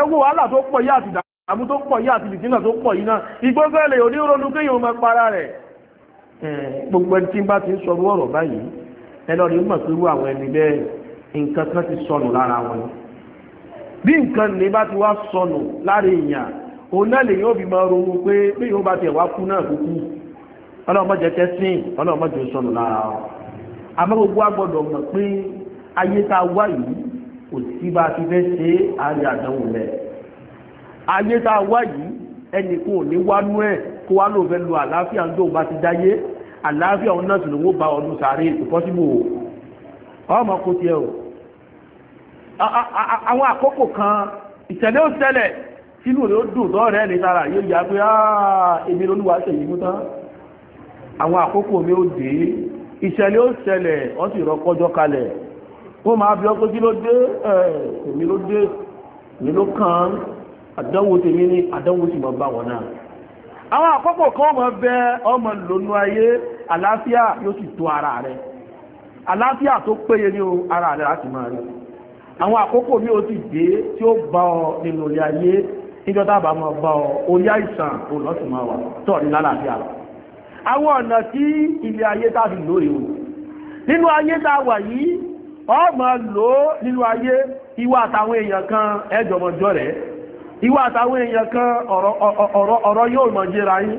ẹwọ́ wàhálà tó pọ̀ yí àti ìdàmú tó pọ̀ ya ati ìdìtínà tó pọ̀ yí náà ìgbógbẹ́lẹ̀ onírònú kí yóò máa para rẹ̀ gbogbo ẹni tí bá ti ń sọ rú ọ̀rọ̀ báyìí ẹlọ́rin mọ̀ pé rú àwọn ẹni bẹ́ẹ̀ nǹkan kan ti sọnù lára wọn bí nǹkan ní bá ti wá sọnù lára èèyàn òun náà lèyìn òbí bí yóò kò sí bá a ti fẹ́ ṣe àárẹ̀ àdánwò rẹ̀ ayé tá a wá yìí ẹnì kan ò ní wá nú ẹ̀ kó wá lóun fẹ́ lo àlàáfíà ń dóun bá ti dáyé àlàáfíà òun náà sì lówó ba ọdún sàárè kò pọ́síbò ọmọ kò tiẹ̀ o àwọn àkókò kan ìtẹ̀lé ò tẹ́lẹ̀ sínú rẹ̀ ó dùn lọ́rẹ̀ ní tara yóò yá pé ah, èmi lóníwà ṣe yìí mú tán àwọn àkókò mi ó dé ìṣẹ̀lẹ̀ ó ṣẹlẹ̀ ó sì rọ́kọ́jọ́ kalẹ̀ wọ́n máa bí ọkọ̀ kí ló dé ẹ̀ẹ̀mí ló dé mi ló kàn àdánwò tèmi ní àdánwò sì mọ̀ bá wọn náà àwọn àkọ́kọ̀ kan mọ̀ bẹ ọmọ lónú ayé àlàáfíà yóò sì tó ara rẹ̀ àlàáfíà tó péye ní ara rẹ̀ láti máa rí àwọn àkókò mi ò ti dé tí ó bá ọ nínú ilé ayé níjọ́ tábà máa bá ọ orí àìsàn olóṣù máa wà tọ́ọ̀rí lálàáfíà rẹ̀ àwọn ọ̀nà tí ilé ayé tàbí lórí o nínú ayé tá a wà yìí ọmọ lò nínú ayé ìwà àtàwọn èèyàn kan ẹjọmọjọ́ rẹ̀ ìwà àtàwọn èèyàn kan ọ̀rọ̀ yóò mọ̀ jẹ́ra yín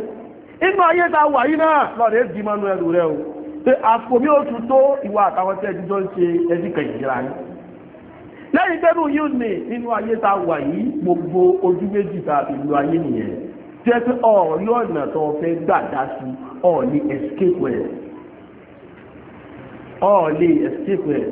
inú ayé ta wà yí náà lọ́rẹ̀ dì mọ́nú ẹrù rẹ̀ o pé àfòmí ó tún tó ìwà àtàwọn tẹ́ ẹjíjọ́ ń ṣe ẹjíkà ìjẹ́ra yín lẹ́yìn tẹ́nu yóò ní nínú ayé ta escape ẹ̀ ọ̀ọ́lé escape ẹ̀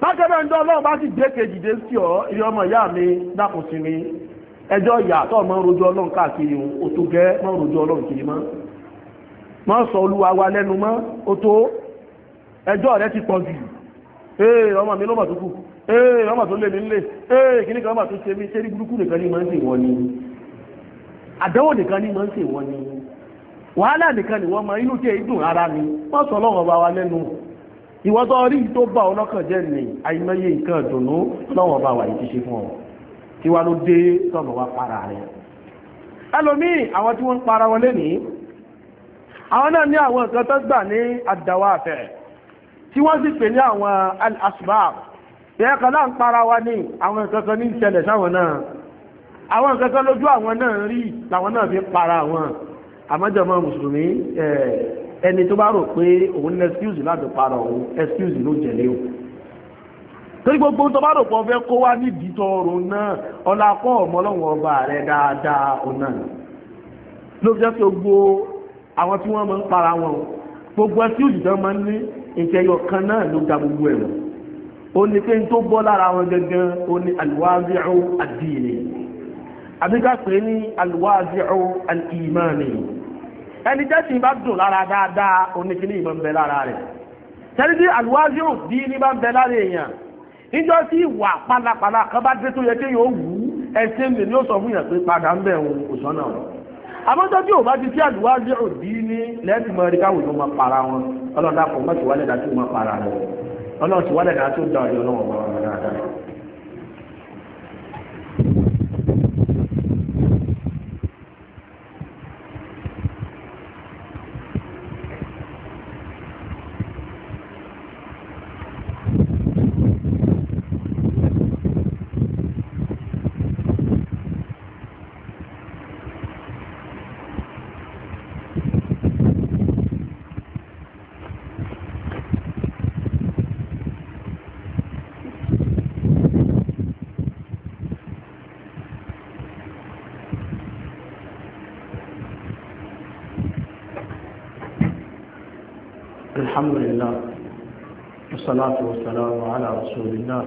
bákẹ́bẹ̀ ń dán ọlọ́run bá sì dé kejì dé sí ọ ilé ọmọ ìyá mi dákun sí mi ẹjọ́ ìyá tó mọ́ rojú ọlọ́run káàkiri o ò tó gẹ́ rojú ọlọ́run kiri mọ́ mọ́ sọ olúwa wa lẹ́nu mọ́ o tó ẹjọ́ rẹ ti pọ̀ ee ọmọ mi ee ọmọ tó lé ee kan ọmọ tó ṣe mí burúkú nìkan ní máa ń wọ́n ni àdánwò nìkan ní máa ń wọ́n ni wàhálà nìkan ni wọ́n inú dùn ara ìwọ́n tó rí tó bá ọlọ́kàn jẹ́ ní àìmọye nǹkan ìdùnnú lọ́wọ́ bá wà yìí ti ṣe fún ọ tí wá ló dé tọ́nà wá para rẹ̀ ẹlòmíì àwọn tí wọ́n ń para wọlé ní àwọn náà ní àwọn nǹkan tó gbà ní àdáwà àfẹ́ tí wọ́n sì pè ní àwọn al-asbab bẹ́ẹ̀ kan láà ń para wa ní àwọn nǹkan kan ní ìṣẹ̀lẹ̀ sáwọn náà àwọn nǹkan kan lójú àwọn náà rí làwọn náà fi para wọn àmọ́jọ́mọ́ mùsùlùmí ẹni tó bá rò pé òun ní excuse láti para òun excuse ló jẹ̀lé o torí gbogbo tó bá rò pé ọfẹ́ kó wá nídìí tọrọ náà ọlá kọ́ ọmọ ọlọ́wọ́n ọba rẹ dáadáa ọ̀nà ló fi jẹ́ pé gbogbo àwọn tí wọ́n máa ń para wọn gbogbo excuse tó máa ń ní ìṣẹ́yọ kan náà ló da gbogbo ẹ̀rọ ó ní pé ń tó bọ́ lára wọn gangan ó ní alwazi'u ad àbíká pé ní alwazi'u al ẹni jẹ́sìn bá dùn lára dáadáa oníkíní ìmọ̀ ń bẹ lára rẹ̀ tẹ́lifí àlùwájú bí ní bá ń bẹ lára èèyàn níjọ́ tí ìwà pálapàla kan bá dé tó yẹ kéèyàn ó wù ú ẹsẹ̀ mi ni ó sọ fún yàn pé padà ń bẹ̀ òun òsánà wọn àmọ́tọ́ tí ò bá ti sí àlùwájú òdì ní lẹ́yìn mọ́ ẹ̀rí káwọn èèyàn máa para wọn ọlọ́dà kò mọ́ ti wálẹ̀ dá tó máa para rẹ̀ ọlọ́dà ti wálẹ̀ dá tó dá ọ̀dọ̀ ọlọ́wọ́ والصلاة والسلام على رسول الله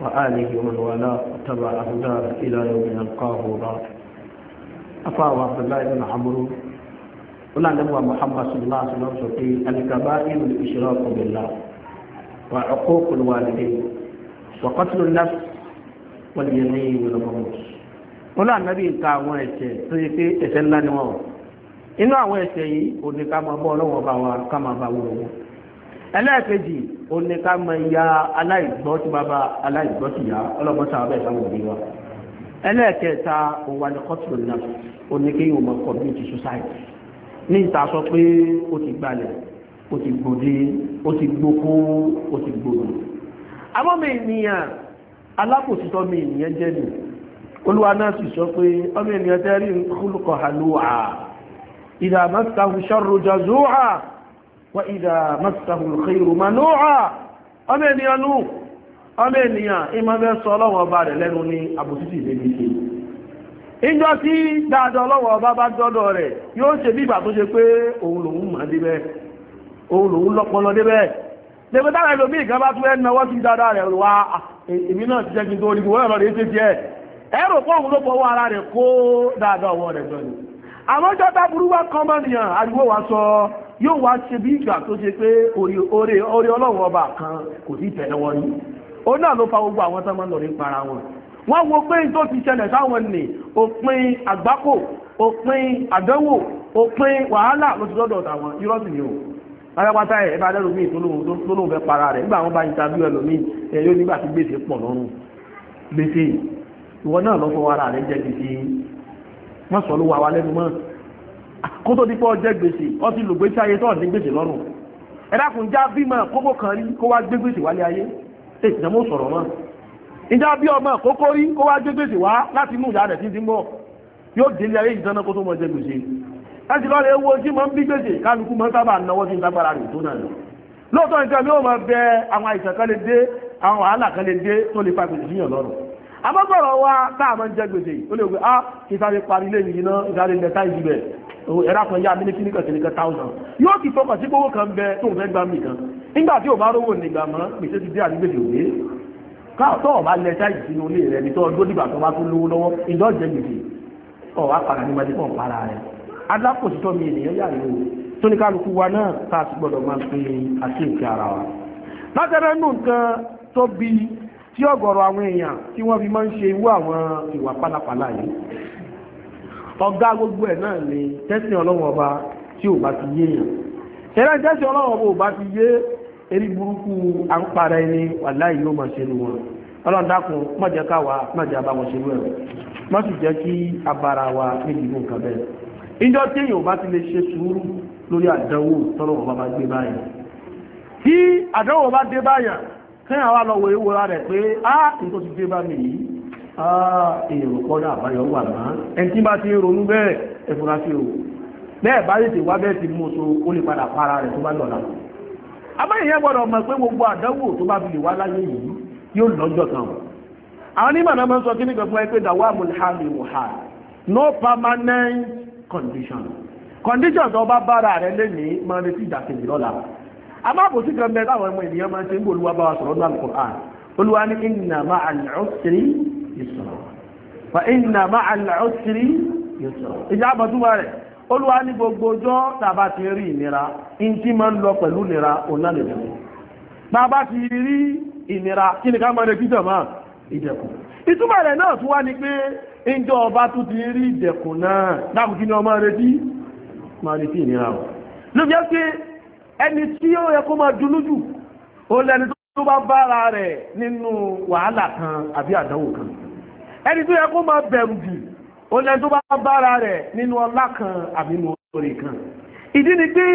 وآله ومن تبع واتبع إلى يوم يلقاه وبعد أفاو عبد الله بن عمرو ولا نبوى محمد صلى الله عليه وسلم في الكبائر الإشراك بالله وعقوق الوالدين وقتل النفس واليمين والغموس ولا نبي كاوان ẹ̀ṣẹ̀ tó yẹ pé ẹ̀ṣẹ̀ ńlá ni wọn inú àwọn ẹ̀ṣẹ̀ yìí ẹlẹ́ẹ̀kejì òní ká mọ ìyá aláìgbọ́ tí bàbá aláìgbọ́ ya ìyá ọlọ́gbọ́n sábà bẹ́ẹ̀ sáwọn òbí wa ẹlẹ́ẹ̀kẹta òwà ní kọ́tù náà òní kí yóò mọ community society ní ìta sọ pé ó ti gbalẹ̀ ó ti gbòde ó ti gboko ó ti gbòdò àmọ́ mi ènìyàn alákòsítọ́ mi ènìyàn jẹ́ mi olúwa náà sì sọ pé ọmọ ènìyàn tẹ́rí kúlùkọ̀ hàlúwà ìdààmú wa idha massahu al-khayru manu'a ọmọ ènìyàn nù ọmọ ènìyàn ìmọ̀bẹ́ sọ ọlọ́wọ́ ọba rẹ̀ lẹ́nu ní àbòsítì ìbẹ̀bí ṣe ìjọ tí dáadọ́ ọlọ́wọ́ ọba bá dọ́dọ̀ rẹ̀ yóò ṣe bí ìgbà tó ṣe pé òun lòun mà débẹ̀ òun lòun lọ́pọlọ débẹ̀ lẹ́gbẹ́ tára ìlú míì kan bá tún ẹnu ọwọ́ sí dáadáa rẹ̀ wá èmi náà ti jẹ́ kí n tó rí gbogbo ẹ̀rọ rẹ̀ ṣe tiẹ̀ ẹ̀rọ pọ́ùn ló fọwọ́ ara rẹ̀ kó dáadáa wa sọ yóò wá ṣe bí ìgbà tó ṣe pé orí ọlọ́run ọba kan kò sí tẹ̀lẹ́wọ́ ní ó náà ló fa gbogbo àwọn tó máa ń lọ nípa ara wọn wọ́n wo pé tó ti ṣẹlẹ̀ sáwọn nì òpin àgbákò òpin àdánwò òpin wàhálà ló ti lọ́dọ̀ tàwọn irọ́ sì ni o alápátá ẹ̀ bá dẹ́rù míì tó lóun fẹ́ para rẹ̀ nígbà wọn bá interview ẹlòmíì ẹ̀ yóò nígbà tí gbèsè pọ̀ lọ́rùn gbèsè ìwọ náà lọ́fọ́ ara rẹ̀ jẹ́ gbèsè wọ́n sọ ló wà wá lẹ́nu mọ́ kó tó dípọ̀ jẹ́ gbèsè ó ti lò gbèsè ayé tó ní gbèsè lọ́rùn ẹ dákun já bímọ kókó kan rí kó wá gbé gbèsè wálé ayé èyí ìjọba ó sọ̀rọ̀ mọ́ ìjà bí ọmọ kókó rí kó wá gbé gbèsè wá láti inú ìyá rẹ̀ tí ti ń bọ̀ yóò délé ayé ìdáná kó tó mọ jẹ gbèsè láti lọ́ọ́ lè wo tí mo ń bí gbèsè kálukú mọ́ sábà náwó sí ìdágbára rẹ̀ tó náà lọ lóòótọ́ nǹkan mi ò mọ bẹ àwọn àìsàn kan lè dé àwọn wàhálà kan lè dé tó lè fa gbèsè yàn lọ́rùn abọ́gbọ̀rọ̀ wa táàmọ́ jẹ́ gbèsè ó lè gbé á ìsáré parí lè yìí ná ìsáré lẹ́ta ìjìbẹ̀ ẹ̀rá kan yá mílíkì ní kẹ̀kẹ́ nìkan táwọn yóò ti fọkàn sí kówó kan bẹ tó ń fẹ́ gbá mìkan nígbà tí ò bá rówó nígbà mọ́ pèsè ti dé àdúgbèsè òde káàtọ́ ọ̀bá lẹ́ta ìsinú ilé rẹ̀ ní tọ́jú dìgbà tó bá tó lówó lọ́wọ́ ìjọ jẹ́ gbèsè ọ̀ wá padà ní mọ́tí para rẹ̀ alákòsítọ́ mi ènìyàn yà yóò tó ní kálukú wa náà tá a gbọ́dọ̀ máa ń pin àti ìkẹ́ ara wa látẹ̀rẹ́ nù nǹkan tó bí tí ọ̀gọ̀rọ̀ àwọn èèyàn tí wọ́n fi máa ń ṣe irú àwọn ìwà pálapàla yìí ọ̀gá gbogbo ẹ̀ náà ni tẹ́sìn ọlọ́run ọba tí ò bá ti yé èèyàn ẹ̀rẹ́ tẹ́sìn ọlọ́run ọba ò bá ti yé erí burúkú àǹpara ẹni wà láì yóò máa ṣe nu wọn ọlọ́run dákun má jẹ́ ká wa má jẹ́ abá wọn ṣe wẹ̀ má sì jẹ́ kí abara wa níbi ìbò nǹkan bẹ́ẹ̀ ìjọ tí èèyàn bá ti lè ṣe sùúrù lórí àdánwò tọ́lọ́run bá gbé báyìí tí àdánwò bá dé báyìí tẹ́yà wá lọ wo ìwòrà rẹ̀ pé á tó ti dé bá mi yìí á èrò kọ́dà àbáyọ wà náà ẹni tí bá ti ń ronú bẹ́ẹ̀ ẹ̀fúnra sí o bẹ́ẹ̀ bá tètè wá bẹ́ẹ̀ ti mú so ó lè padà para rẹ̀ tó bá lọ́la àmọ́ ìyẹn gbọ́dọ̀ mọ̀ pé gbogbo àdánwò tó bá fi lè wá láyé yìí yóò lọ́jọ́ kan àwọn onímọ̀ náà máa ń sọ kí ní kan fún dàwọ́ àmúlhàmì wòhà no permanent condition condition tó bá bára rẹ̀ lé máa retí ìdàkejì lọ́la amábòsí kan bẹ táwọn ọmọ ènìyàn máa ń ṣe ń bolúwa bá wa sọ̀rọ̀ ní alukur'an olúwa ní inna ma'al usri yusra fa inna ma'al usri yusra ìjà àbọ̀túmọ̀ rẹ̀ olúwa ní gbogbo ọjọ́ tàbá ti rí ìnira in tí máa ń lọ pẹ̀lú ìnira onálẹ̀dẹ̀ bàbá ti rí ìnira kí ni máa retí jọ̀mọ́ ìtumọ̀ rẹ̀ náà tún wá ní pé ìjọ ọba tún ti rí ìdẹ̀kùn náà dáàbò kí ni ọmọ retí máa retí ìnira o ló jẹ́ pé ẹni tí ó yẹ kó máa dunú jù ó lẹni tó bá bára rẹ̀ nínú wàhálà kan àbí àdánwò kan ẹni tó yẹ kó máa bẹ̀rù jù ó lẹni tó bá bára rẹ̀ nínú ọlá kan àbí nínú orí kan ìdí ni pé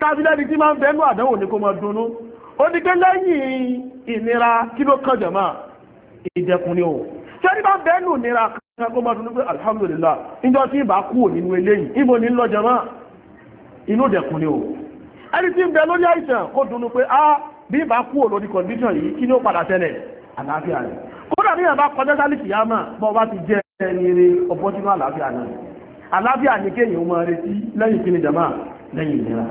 tábílẹ́ni tí máa ń bẹ̀rù àdánwò ni kó máa dunú ó ní pé lẹ́yìn ìnira kí ló kàn jẹ̀mọ́ ìdẹ̀kùn ni ó ṣẹ́ni bá bẹ́ẹ̀ nù kan kó máa dunú pé alhamdulillah níjọ́ tí ìbá kúrò nínú eléyìí ibo ní lọ jẹ̀mọ́ inú ìdẹ̀kùn ni ó ẹni tí ń bẹ lórí àìsàn kó a ah, bí lórí condition yìí kí ni ó padà tẹ́lẹ̀ àlàáfíà rẹ̀ kódà ní ẹ̀bá kọjá sálì kìyàmà bọ́ bá ti jẹ́ ẹni àlàáfíà náà àlàáfíà ní ni jama lẹ́yìn ìlera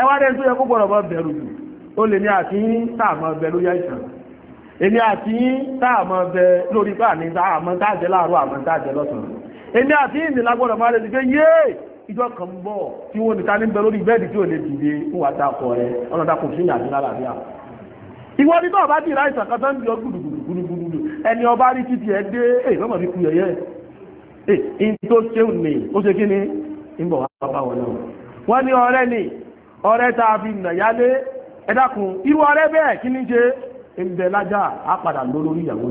ẹwà rẹ̀ tó yẹ kó gbọ́dọ̀ bọ́ bẹ̀rù jù ó lè ní àti táàmọ́ bẹ lórí àìsàn èmi àti táàmọ́ bẹ lórí pàní láàárọ̀ àmọ́ lọ́sàn-án èmi àti máa ìjọ kan ń bọ̀ tí wọ́n nìkan ní bẹ lórí bẹ́ẹ̀dì tí ò lè dìde fún wa dákọ̀ rẹ ọ̀nà dákọ̀ ìwọ ní bá ọba ti ra kan tó ń di ẹni ọba rí títí ẹ dé èyí lọ́mọ fi ku yẹyẹ èyí tó ṣéun ni ni ń bọ̀ wá bá wọn náà ni tá a fi ẹ dákun irú bẹ́ẹ̀ kí ṣe lájà á padà lórí ìyàwó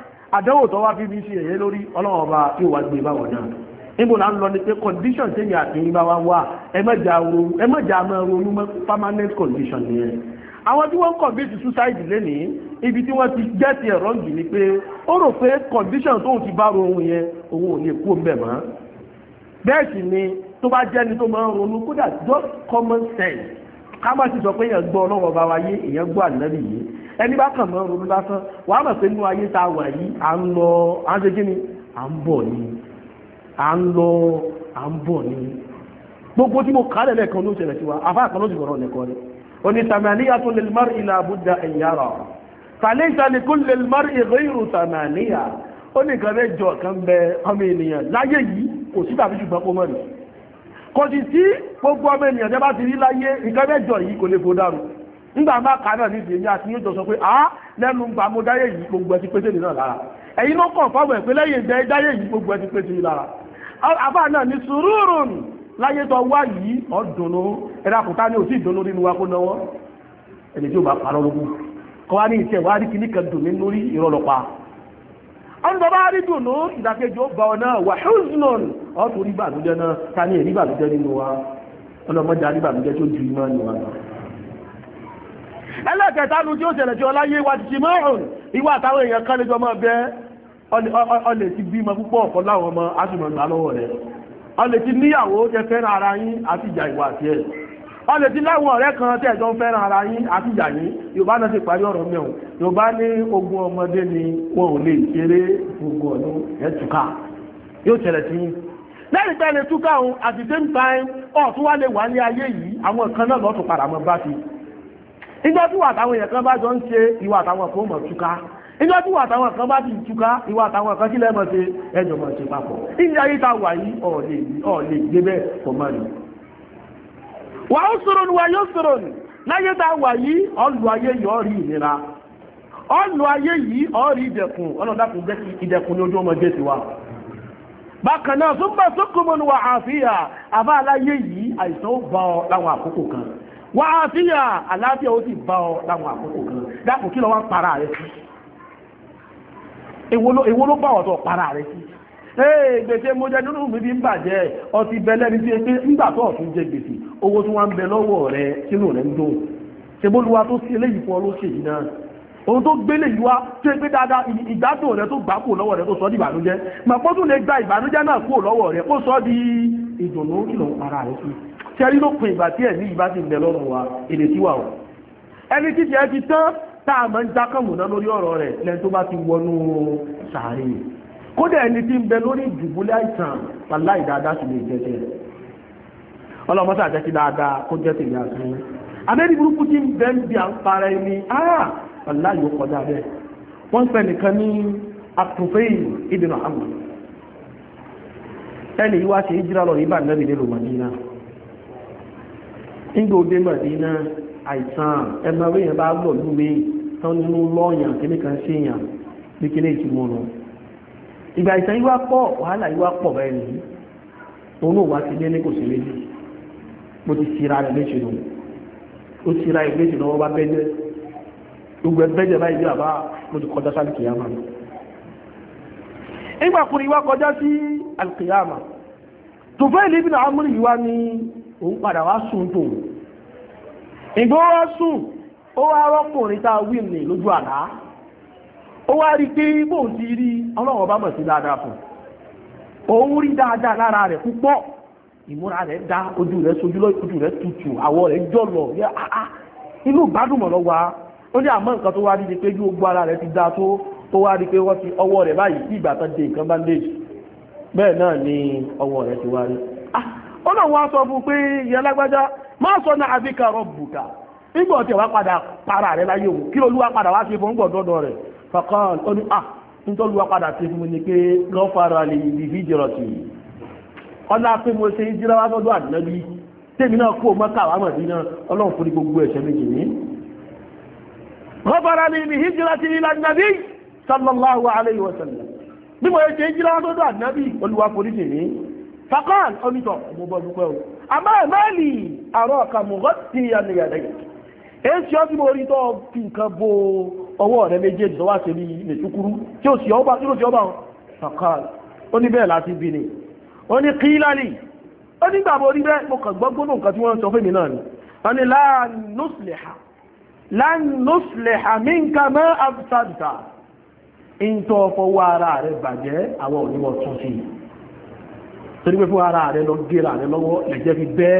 àdánwò tó wá fi bí sí ẹ̀yẹ lórí ọlọ́wọ́n ọba tí ó wá gbé báwọn náà níbo là ń lọ ni pé condition tẹ́yìn àti yín bá wá wà ẹ mọ̀jà máa ronú mọ́ permanent condition nìyẹn àwọn tí wọ́n commit suicide lénìí ibi tí wọ́n ti jẹ́ ti ẹ̀rọ jù ni pé ó rò pé condition tóun ti bá ro ohun yẹn òun ò lè kú mbẹ̀ mọ́ bẹ́ẹ̀ sì ni tó bá jẹ́ni tó máa ń ronú kódà just common sense ká má ti sọ pé èèyàn gbọ́ ọlọ́wọ́ bá wa yé èèyàn gbọ́ ànábì yìí ẹni bá kàn mọ́ ronú lásán wà á mọ̀ pé inú ayé ta wà yìí à ń lọ à ń ṣe kí ni à ń bọ̀ ni à ń lọ à ń bọ̀ ni gbogbo tí mo kálẹ̀ lẹ́ẹ̀kan ló ṣẹlẹ̀ sí wa àfa kan ló sì sọ̀rọ̀ nìkan òní tàmàníyà tó lè mọ́rì ilà àbújá ẹ̀yà rà tàlẹ́sà ni kó lè mọ́rì ìrírù tàmàníyà ó ní nǹkan mẹ́jọ kan bẹ ọmọ ènìyàn láyé yìí kò sí tàbí ṣùgbọ́n kó mọ̀ nìyàn kò sì sí gbogbo ọmọ ènìyàn tẹ́ bá ti rí láyé nǹkan mẹ́jọ yìí kò lè fò dàrú nígbà máa kà náà nídìí èmi àti yóò jọ sọ pé a lẹ́nu gbà mo dáyé yìí gbogbo ẹtí pété nìyàn lára ẹ̀yin ló kàn fáwọn ẹ̀pẹ́ lẹ́yìn ìgbẹ́ dáyé yìí gbogbo ẹtí pété yìí lára àbá náà láyé tó wá yìí ẹ̀rọ àkùtà ni ò sí ìdùnnú nínú wa kó náwó ẹni ọ̀nà bá rí ìdàkejì ó bá ọ náà ọ̀tún rí bàlújẹ́ náà ta ní èrí bàlújẹ́ nínú wa ọlọ́mọdé rí bàlújẹ́ tó ju iná nínú náà ẹlẹ́kẹta nu tí ó ṣẹlẹ̀ tí ọláyé wa ti ṣe márùn-ún ìwà àtàwọn èèyàn ọmọ ọ̀lẹ̀ tí láwọn ọ̀rẹ́ kan tí ẹ̀jọ́ fẹ́ràn ara yín àti ìyà yín yorùbá náà ti parí ọ̀rọ̀ mẹ́un yorùbá ní ogun ọmọdé ni wọn ò lè ṣeré gbogbo ọdún ẹ̀tùká yóò tẹ̀lẹ̀ sí yín lẹ́yìn tẹ́ lè túká òun at the same time ọ̀tún wá lè wà ní ayé yìí àwọn kan náà lọ́tún padà mọ́ bá ti ìjọ tí wà táwọn èèyàn kan bá jọ ń ṣe ìwà táwọn kan mọ̀ túká ìjọ tí wà kan bá ti túká ìwà táwọn kan sílẹ̀ mọ̀ ṣe ẹjọ́ mọ̀ ṣe papọ̀ ìjọ ayé ta wà yìí ọ̀ọ́lẹ̀ gbé bẹ́ẹ̀ pọ̀ mọ́ ni wà ó sọ̀rọ̀ ní wà yóò sọ̀rọ̀ ní láyé tá a wà yìí ọlù ayé yìí ọ̀rí ìnira ọlù ayé yìí ọ̀rí ìdẹ̀kùn ọlọ́dàkùn jẹ́ ìdẹ̀kùn ní ojú wa bákan náà tó ń bá sókòmọ́ ní wà àfíà àbá aláyé yìí àìsàn ó ọ láwọn àkókò kan wà àfíà àlàáfíà ó sì bá ọ láwọn àkókò kan dákùn kí lọ wá ń para rẹ sí èwo ló bá ee gbèsè mo jẹ nínú mi bí ń bàjẹ́ ọtí owó tí wọ́n ń bẹ lọ́wọ́ rẹ kínú rẹ̀ ń dùn ṣebóluwa tó sí eléyìí fún ọlọ́ṣẹ́ yìí náà ohun tó gbélé yìí wá tó gbé dáadáa ìgbádùn rẹ tó gbà kúrò lọ́wọ́ rẹ tó sọ di ìbànújẹ́ mà pọ́tún lè gba ìbànújẹ́ náà kúrò lọ́wọ́ rẹ kó sọ di ìdùnnú ìlò ara rẹ sí ṣẹ́rí ló pin ìgbà tí ẹ̀mí ìbá ti bẹ̀ lọ́rùn wa èdè tí wà o ẹni tí tiẹ̀ ti tán tá a máa ń já kàn múná lórí ọ̀rọ̀ rẹ̀ lẹ́yìn tó bá ti wọnú sàárè kódà ẹni tí ń bẹ lórí ìdùbúlẹ̀ àìsàn pàláì dáadáa sì lè jẹ́ ọlọ́mọ́sá jẹ́ kí dáadáa kó jẹ́ tèmi àti abẹ́rí burúkú tí ń bẹ́ ń bí àǹfààrà ẹni áà ah, ọ̀lá yóò kọjá bẹ́ẹ̀ wọ́n pẹ̀ nìkan ní àtúnfẹ́yì ìdènà àmà ẹni yíwá ṣe ìjírà lọ ìbá nẹ́bì nílò mọ̀dínà nígbà òde mọ̀dínà àìsàn ẹmọ orí yẹn bá lọ tán mo ti sira rẹ̀ méjì nù ó sira rẹ̀ méjì nù bá bẹ́jẹ́ gbogbo báyìí bí mo ti kọjá sí alìkìyàmà nígbà kọjá sí alìkìyàmà tòfẹ́ ìlú ibìnà amúrì yìí wá ní òun padà wá sùn tó ìgbó wá sùn ó wá rọ́kùnrin tá a wí ní lójú àlá ó wá rí pé bóun ti ìmúra rẹ̀ dá ojú rẹ̀ sojú lọ ojú rẹ̀ tutù àwọ̀ rẹ̀ jọ̀lọ̀ yẹ àá ah, ah. inú gbádùn mọ̀ lọ́wọ́ ó ní àmọ́ nǹkan tó wá di pé bí ogbó ara rẹ̀ ti dá tó tó wá pé wọ́n ti ọwọ́ rẹ̀ báyìí ìgbà de nǹkan bẹ́ẹ̀ náà ni ọwọ́ rẹ̀ ti wá rí. Ah, ó náà wá sọ sọ náà nígbà tí wàá padà para láyé òun kí olúwa padà wá ṣe fún fàkàn ó ní à nítorí wàá padà ṣe fún mi ni pé lè ọlá pé mo ṣe ìjírá wá lọ́dọ̀ àdínábí tèmi náà kó mọ́ká wà mọ̀dí náà ọlọ́run fún ní gbogbo ẹ̀ṣẹ̀ méjì ní. rọ́bàrà ni ibi ìjírá ti ilá nàbí sallallahu alayhi wa sallam bí mo ṣe ìjírá wá lọ́dọ̀ àdínábí olúwa foríṣì ní. fakọ́n onítọ̀ mo bọ́ dúpẹ́ o àmọ́ ìmáàlì àrọ́ ọ̀kà mo rí tó fi bo ọwọ́ rẹ méjèèjì tó wá ṣe ní ìmẹ̀tukuru tí ó sì ọba tí ó ní kí lálì ó nígbà mo rí bẹ́ẹ̀ mo kàn gbọ́ gbóná nǹkan tí wọ́n sọ fún mi náà ni wọ́n ní lánúṣlẹ̀hà lánúṣlẹ̀hà mí ń ka mọ́ àbùsàdùsà ń tọ́ fọwọ́ ara rẹ̀ bàjẹ́ àwọn onímọ̀ tún sí torí pé fún ara rẹ̀ lọ gẹ́ra rẹ̀ lọ́wọ́ ẹ̀jẹ̀ fi bẹ́ẹ̀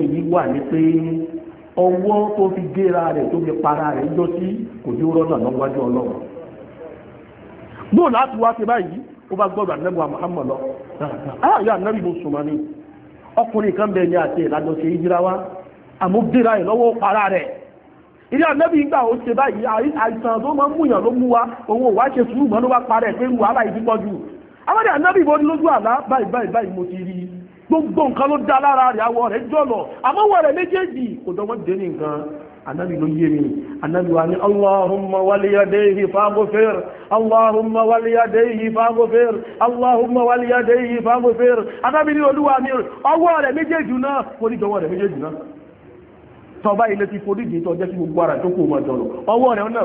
nígbà ọwọ́ tó fi géra rẹ̀ tó fi para rẹ̀ jọ sí kò ní rọ́nà lọ́wọ́jú ọlọ́run bóò láti wá ti báyìí ó bá gbọ́dọ̀ àdínẹ́bùwà Muhammad lọ ààyè ànábì mo ọkùnrin kan bẹ̀ ní àti ìlànà ṣe ìjìra àmú rẹ̀ lọ́wọ́ para rẹ̀ ilé ó ṣe báyìí àìsàn tó máa ń múyàn ló mú wa òun ò wá ṣe sùúrù mọ́ ló gbogbo nǹkan ló dá lára rẹ̀ awọ rẹ̀ jọ̀lọ̀ àmọ́wọ̀ rẹ̀ méjèèjì kò dọ́gbọ́n dé ní nǹkan anabi ló yé mi anabi wa ni allahumma waliyadayhi faghfir allahumma waliyadayhi faghfir allahumma waliyadayhi faghfir ní olúwa mi ọwọ́ rẹ̀ méjèèjì náà forí jọ̀wọ́ rẹ̀ méjèèjì náà tọba ilé ti forí jì tọjọ́ sí gbogbo ara tó kó mọ́ jọ̀lọ̀ ọwọ́ rẹ̀ náà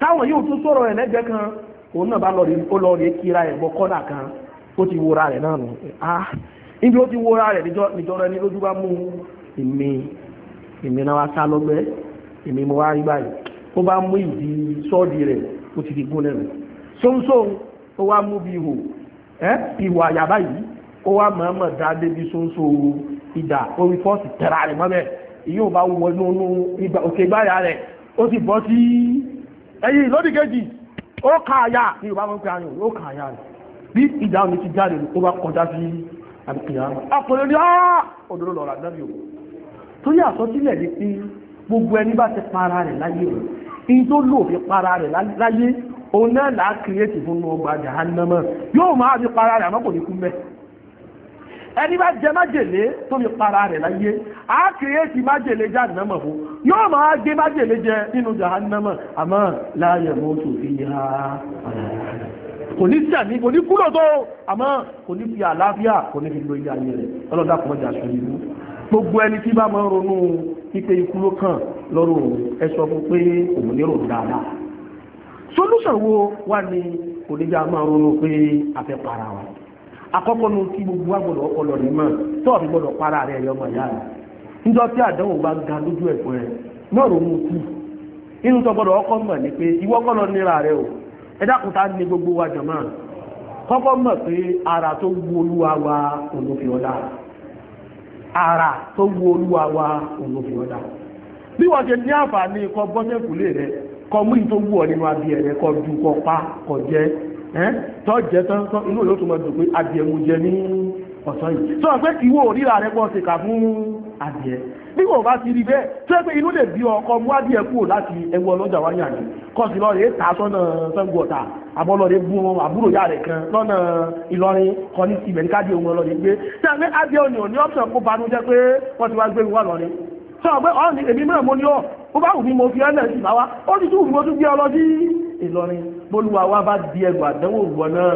táwọn yóò tún sọ̀rọ̀ ẹ̀ lẹ́gbẹ̀ẹ́ kan òun náà bá lọ rí kíra ẹ̀ bọ́ kọ́nà kan ó ti wora rẹ̀ náà nù ah níbi ó ti wora rẹ̀ níjọra ẹni lójú bá mú èmi èmi náà wá sá lọ́gbẹ́ èmi mo wá rí báyìí ó bá mú ìdí sọ́ọ̀dì rẹ̀ ó ti fi gún lẹ́nu sóńsóń ó wá mú bí ihò ẹ́ ìwà àyàbá yìí ó wá mọ̀ọ́mọ̀ dá débi sóńsó ìdà orí fọ́ọ̀sì tẹ̀ra rẹ̀ mọ́bẹ̀ ìyóò ẹ̀yìn ìlódì kejì ó kà àyà ní Yorùbá pé ayọ̀ ó kà rẹ̀ bí ìjà omi ti jáde ó bá kọjá sí àbíkìyàmọ̀ ọkùnrin ní ọ́ òdòdó lọ́ra dábì o tó yà sọ sílẹ̀ ní pé gbogbo ẹni bá o in tó lò fi para rẹ̀ láyé òun náà là á kírètì fún ọgbà jahannama yóò máa fi para rẹ̀ àmọ́ kò ní ẹni bá jẹ májèlé tó fi para rẹ̀ láyé a kìí ti májèlé jahannama fún yóò máa gbé májèlé jẹ nínú jahannama àmọ́ la yamutu fiha kò ní sẹ̀mí kò ní kúrò tó àmọ́ kò ní fi àlàáfíà kò ní fi lo ilé ayé rẹ̀ ọlọ́dà kan jà sọ ìlú gbogbo ẹni tí bá máa ronú pípé ikú ló kàn lọ́rùn ẹ sọ fún pé òun ní ròdà náà solúsàn wo wà ní oníjà máa ronú pé a fẹ́ para wa akọ́kọ́ ní kí gbogbo wa gbọ́dọ̀ ọpọlọ rẹ̀ mọ̀ tọ́ọ̀fì gbọ́dọ̀ para rẹ̀ yọmọ ìyá rẹ̀ níjọ́ tí àdánwò bá ga lójú ẹ̀kọ́ rẹ̀ náà ló mú kú inú tó gbọ́dọ̀ ọkọ́ mọ̀ ni pé ìwọ kọ́ nira rẹ̀ o ẹ dákun tá ní gbogbo wa jọ̀mọ́ kọ́kọ́ mọ̀ pé ara tó wu olúwa wa olófiọ́lá ara tó wu olúwa wa olófiọ́lá bí wọ́n ṣe ní àǹfààní kọ bọ́sẹ̀kùlé rẹ̀ tọ́ jẹ tán tán inú yóò tún mọ̀ dùn pé adìẹ mo jẹ ní ọ̀sán yìí sọ pé ìwọ òríra rẹ pọ̀ ṣèkà fún adìẹ bí wọ́n bá ti rí bẹ́ẹ̀ tó ẹ pé inú lè bí ọkọ mú adìẹ kúrò láti ẹwọ ọlọ́jà wáyà ni kọ́sì lọ́ọ̀rẹ́ ta sọ́nà sango ọ̀tà àbọ̀lọ́ọ̀rẹ́ bú wọn àbúrò yá rẹ̀ kan lọ́nà Ìlọrin kan ní a gbé adìẹ òní òní ọ̀sán kó banú jẹ́ pé wọ́n ti wá gbé wà lọ́rin sọ pé ọ̀rọ̀ ni èmi mìíràn mo ní ọ̀ bó bá wù mí mo fi ẹ́ náà sì bá wá ó ti tún wù mí mo tún gbé ọ lọ sí bólúwa wá bá di ẹrù àdánwò wọ náà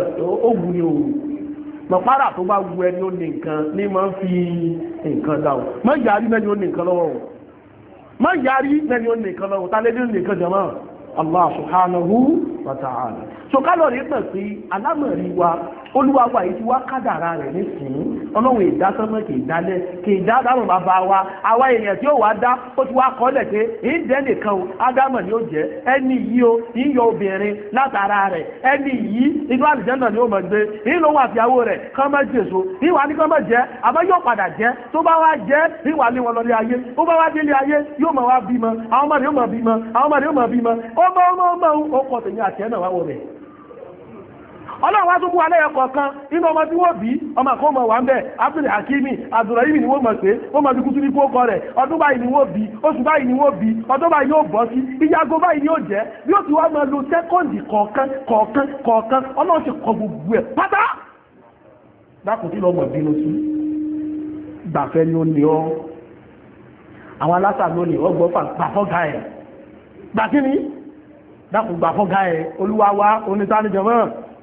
ó wù ní òru mọ̀pára tó bá wu ẹni ó ní nǹkan ní máa ń fi nǹkan dà o má yàrí mẹ́ni ó ní nǹkan lọ́wọ́ o má yàrí mẹ́ni ó ní nǹkan lọ́wọ́ ta lédè ó ní nǹkan jẹ̀mọ́ Allah subhanahu wa ta'ala so kálọ̀ rí pẹ̀ sí alámọ̀rí wa oluwa wa yìí ti wá kádàrá rẹ̀ nísìnyí ọlọ́run ìdásánmọ́ kì í dálẹ̀ kì í dá dáhùn wa àwa èèyàn tí ó dá ó ti wá o ádámọ̀ ni ó jẹ́ ẹni yìí o ìyọ obìnrin látara rẹ̀ ẹni yìí inú ni ó mọ̀ gbé ìlú wà fìyàwó rẹ̀ kán mọ́ jèso ìwà ní kán mọ́ jẹ́ àmọ́ yóò padà jẹ́ tó bá wá jẹ́ je ní wọn lọlé ayé ọlọ́wọ́ tó mú alẹ́ ẹ̀kọ́ kan nínú ọmọ tí wọ́n bí ọmọ kan mọ̀ wà ń bẹ̀ abdul hakimi abdulrahim ni wọ́n mọ̀ pé ó mọ̀ bí kútúrí kó kọ rẹ̀ ọdún báyìí ni wọ́n bí oṣù lo sẹ́kọ́ǹdì kọ̀ọ̀kan kọ̀ọ̀kan kọ̀ọ̀kan ọlọ́run ti kọ gbogbo ẹ̀ pátá dákùn tí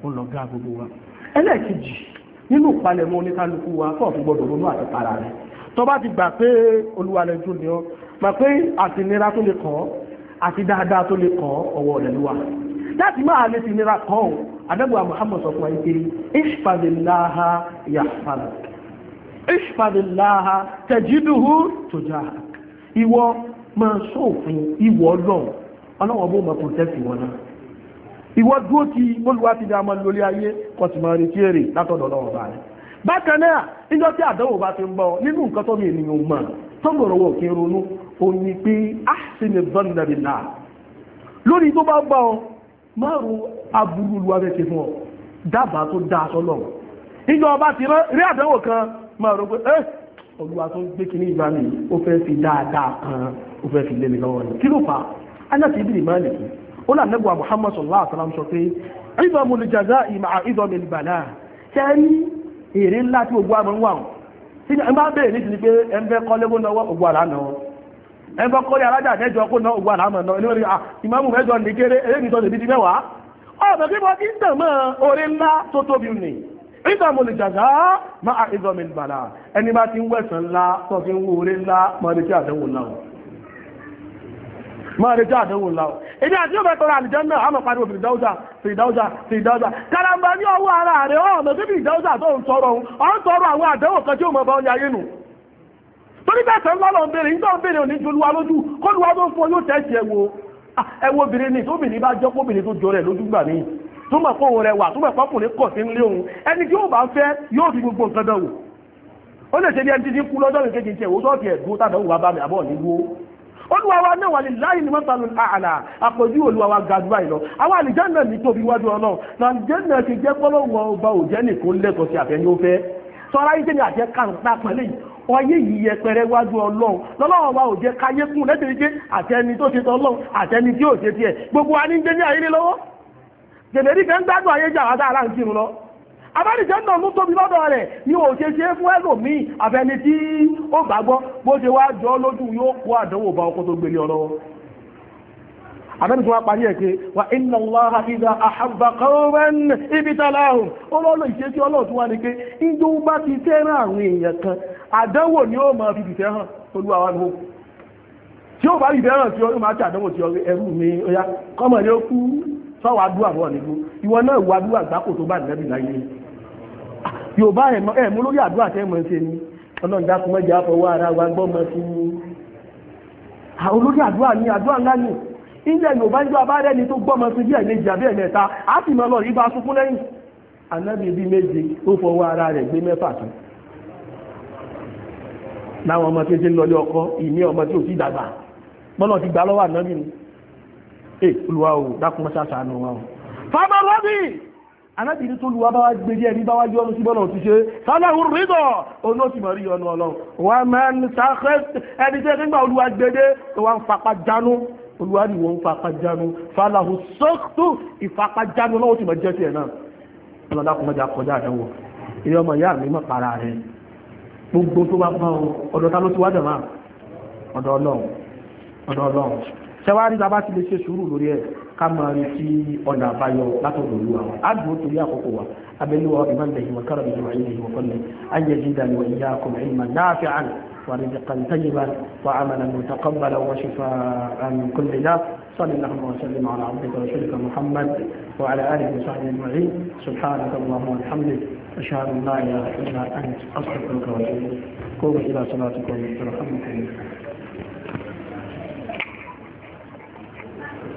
òun lọ gá gbogbo wa ẹlẹ́ẹ̀kejì nínú ìpalẹ̀mọ́ oníkálukú wa fọ́ọ̀ fún gbọdọ̀ ronú àti para rẹ̀ tó bá ti gbà pé olúwalẹ̀jú ni ọ́ mà pé àti ìnira tó lè kọ́ àti dáadáa tó lè kọ́ ọwọ́ rẹ̀ lúwa láti máa lè ti ìnira kọ́ ọ́ adẹ́gbà Muhammad sọ fún wa yìí pé ìṣfàdìláha yàfàdà ìṣfàdìláha tẹ̀jídùhù tòjá ìwọ máa sófin ìwọ ọlọ́run ọlọ́run ọbọ̀ máa protect ìwọ náà ìwọ dúró ti olùwà ti dáa mọ́ lórí ayé kò sì máa retí èrè látọ̀dọ̀ lọ́wọ́ bá rẹ̀ bákan náà níjọ tí àdánwò bá ti ń bọ̀ nínú nǹkan tó mi ènìyàn mọ̀ tó gbọ̀rọ̀ wọ̀ kí n ronú ó ní pé ahsini dhanna billah lórí tó bá bá ọ márùn aburú olùwà fẹ́ ṣe fún ọ dábàá tó dáa sọ́lọ̀ níjọ ọba ti rán rí àdánwò kan máa rò pé ẹ́ eh, olùwà tó ń gbé kí ní ìgbà mi ó fẹ́ fi dáadáa kan ó fẹ́ fi lé mi lọ́wọ́ ni kí ló fà á anáti ibi ìmáàlì kìí ó là nẹ́gbà Muhammad sallallahu alaihi wasallam sọ pé ìdọ̀ mo lè jàzá ìmọ̀ ìdọ̀ mi bàlá ṣe rí èrè ńlá tí gbogbo àmọ́ ń wà tí ẹ bá bèèrè ní ti pé ẹ ń fẹ́ kọ́ lébó náwó ògbó àlá náà ẹ ń fẹ́ kọ́ lé alájà mẹ́jọ kó náà ògbó àlá mọ̀ náà lórí ìmọ̀mù mẹ́jọ ní kéré eléyìí tó lè bí di mẹ́wàá ọ̀bẹ̀ kí wọ́n ti ń tàn mọ́ orí jàzá máa ìdọ̀ mi ẹni bá ti ń wẹ̀sán ńlá tó ń wo orí ńlá mọ́ máa retí àdánwò láwọ̀ èdè àti yóò mẹ́tọ́rọ àlìjẹ́nà àmọ̀ pariwo fìdáúzà fìdáúzà fìdáúzà karamba ní ọwọ́ ara rẹ̀ ọ̀nà sí fìdáúzà tó ń tọrọ ohun tọrọ àwọn àdánwò kan tí ó mọ̀ bá ọ̀yà yé nù torí bẹ́sẹ̀ ńlá lọ bèèrè nígbà ni tóbìnrin bá jọ́ kóbìnrin tó jọ rẹ̀ lójú gbà ní A mọ̀ pé òun olúwa wa náà wà ní láyé ní mọ́tàlù àlà àpọ̀jù olúwa wa ga dúrà ìlọ àwọn àlìjánà ní tóbi wájú ọlọ́run náà àlìjánà ti jẹ́ pọ́lọ́wọ́ ọba òjẹ́ nìkan lẹ́tọ̀ọ́ sí àfẹ́yìn ó fẹ́ sọ́ra yìí tẹ́lẹ̀ àjẹ́ kàńtà pẹ̀lẹ́ yìí ọyé yìí yẹpẹrẹ wájú ọlọ́run lọ́lọ́run wa ò jẹ́ káyé kún lẹ́tẹ̀ẹ́ pé àtẹni tó ṣe tọ́lọ́run àtẹni tí ò ṣe tiẹ̀ gbogbo wa ní ń gbé ní abáríjẹ́ náà ló tóbi lọ́dọ̀ rẹ̀ ni ò ṣe ṣe fún ẹlòmíì àfẹni tí ó gbàgbọ́ bó ṣe wá jọ lójú yóò kó àdánwò bá ọkọ̀ tó gbélé ọ̀rọ̀ àbẹ́ni tó wá wà inna Allaha idha ahabba qawman ibtalahum olóòlò ìṣesí ọlọ́ọ̀ wá ní pé ìjọ bá ti àwọn ni ó máa fi fìfẹ́ hàn olúwa tí ó bá rí tí ó máa ti àdánwò tí mi ọya kọ́mọ̀ ni yóò bá ẹ̀mú lórí àdúrà tẹ́ mọ̀ ṣe ni ọlọ́run dákun mẹ́jọ àfọwọ́ ara wa gbọ́ mọ́ sí i olórí àdúrà ni àdúrà ńlá ni ilẹ̀ yóò bá ń jọ abárẹ́ ni tó gbọ́ mọ́ sí bí ẹ̀mejì àbí ẹ̀mẹ́ta á sì mọ́ sunkún lẹ́yìn anábì bí méje ó fọwọ́ ọmọ lọlé ọkọ ìní ọmọ tí ò sí dàgbà mọ́nà ti gbà lọ́wọ́ alábìnrin tó lu abáwá gbèrè ẹni bá wájú ọlọ́sí bọ́lọ̀ ti ṣe sáláhùn rídọ̀ oní òsì mọ̀rí ọ̀nà ọlọ́run wọ́n máa ń sáfẹ́ ẹni tẹ́ nígbà olúwa gbèrè tó wá ń fapá jánú olúwa ni wọ́n ń fapá jánú fàlàhùn sọ́ọ̀tù ìfapá jánú lọ́wọ́ ti mọ̀ jẹ́ tiẹ̀ náà ọlọ́dà kò mọ̀jà kọjá àdánwò ilé ọmọ ìyá mi mọ̀ para rẹ̀ gbogbo tó bá bá ọdọ̀ ta ló ti wá dẹ̀ máa ọ̀dọ̀ ọlọ́run ọ̀dọ̀ ọlọ́run ṣẹwárí bàbá ti lè ṣe sùúrù lórí ẹ̀ ká máa rí sí ọ̀nà àbáyọ látọ̀dọ̀ olú àwọn àdùn torí àkókò wa abẹ́lúwa ìmọ̀lẹ̀ lẹ́yìn wa kọ́ra bìí wáyé lẹ́yìn wa kọ́lẹ̀ ayé jíjà ni wàyí yá kọ́mọ̀ ẹ̀yìn máa náà fi àn ورزقا طيبا وعملا متقبلا وشفاء من كل داء صلى الله وسلم على عبدك ورسولك محمد وعلى اله وصحبه اجمعين سبحانك اللهم وبحمدك اشهد ان لا اله الا انت استغفرك واتوب اليك قوم الى صلاتكم يرحمكم الله